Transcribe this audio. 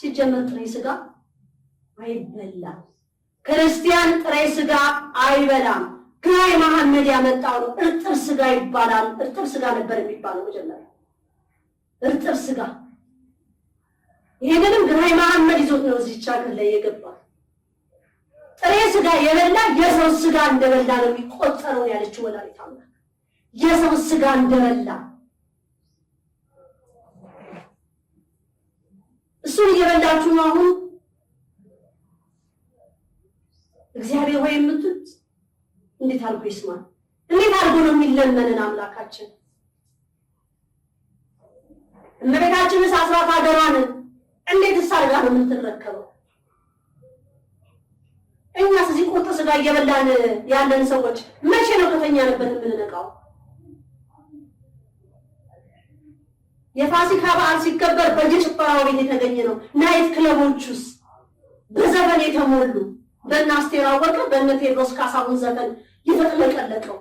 ሲጀመር ጥሬ ስጋ አይበላም። ክርስቲያን ጥሬ ስጋ አይበላም። ግራይ መሐመድ ያመጣው ነው። እርጥብ ስጋ ይባላል። እርጥብ ስጋ ነበር የሚባለው መጀመሪያ እርጥብ ስጋ። ይሄንንም ግራይ መሐመድ ይዞት ነው እዚህ ሀገር ላይ የገባ። ጥሬ ስጋ የበላ የሰው ስጋ እንደበላ ነው የሚቆጠረው ያለችው ወላዲተ አምላክ የሰው ስጋ እንደበላ እሱን እየበላችሁ ነው አሁን እግዚአብሔር ወይ የምትሉት እንዴት አድርጎ ይስማል? እንዴት አድርጎ ነው የሚለመንን አምላካችን? እመቤታችንስ አስራት ሀገሯን እንዴት አድርጋ ነው የምትረከበው? እኛስ እዚህ ቁርጥ ስጋ እየበላን ያለን ሰዎች መቼ ነው ከተኛንበት የምንነቃው? የፋሲካ በዓል ሲከበር በአበባ ቤት የተገኘ ነው። ናይት ክለቦቹስ በዘፈን የተሞሉ በእነ አስቴር አወቀ በእነ ቴድሮስ ካሳሁን ዘፈን የተጥለቀለቀው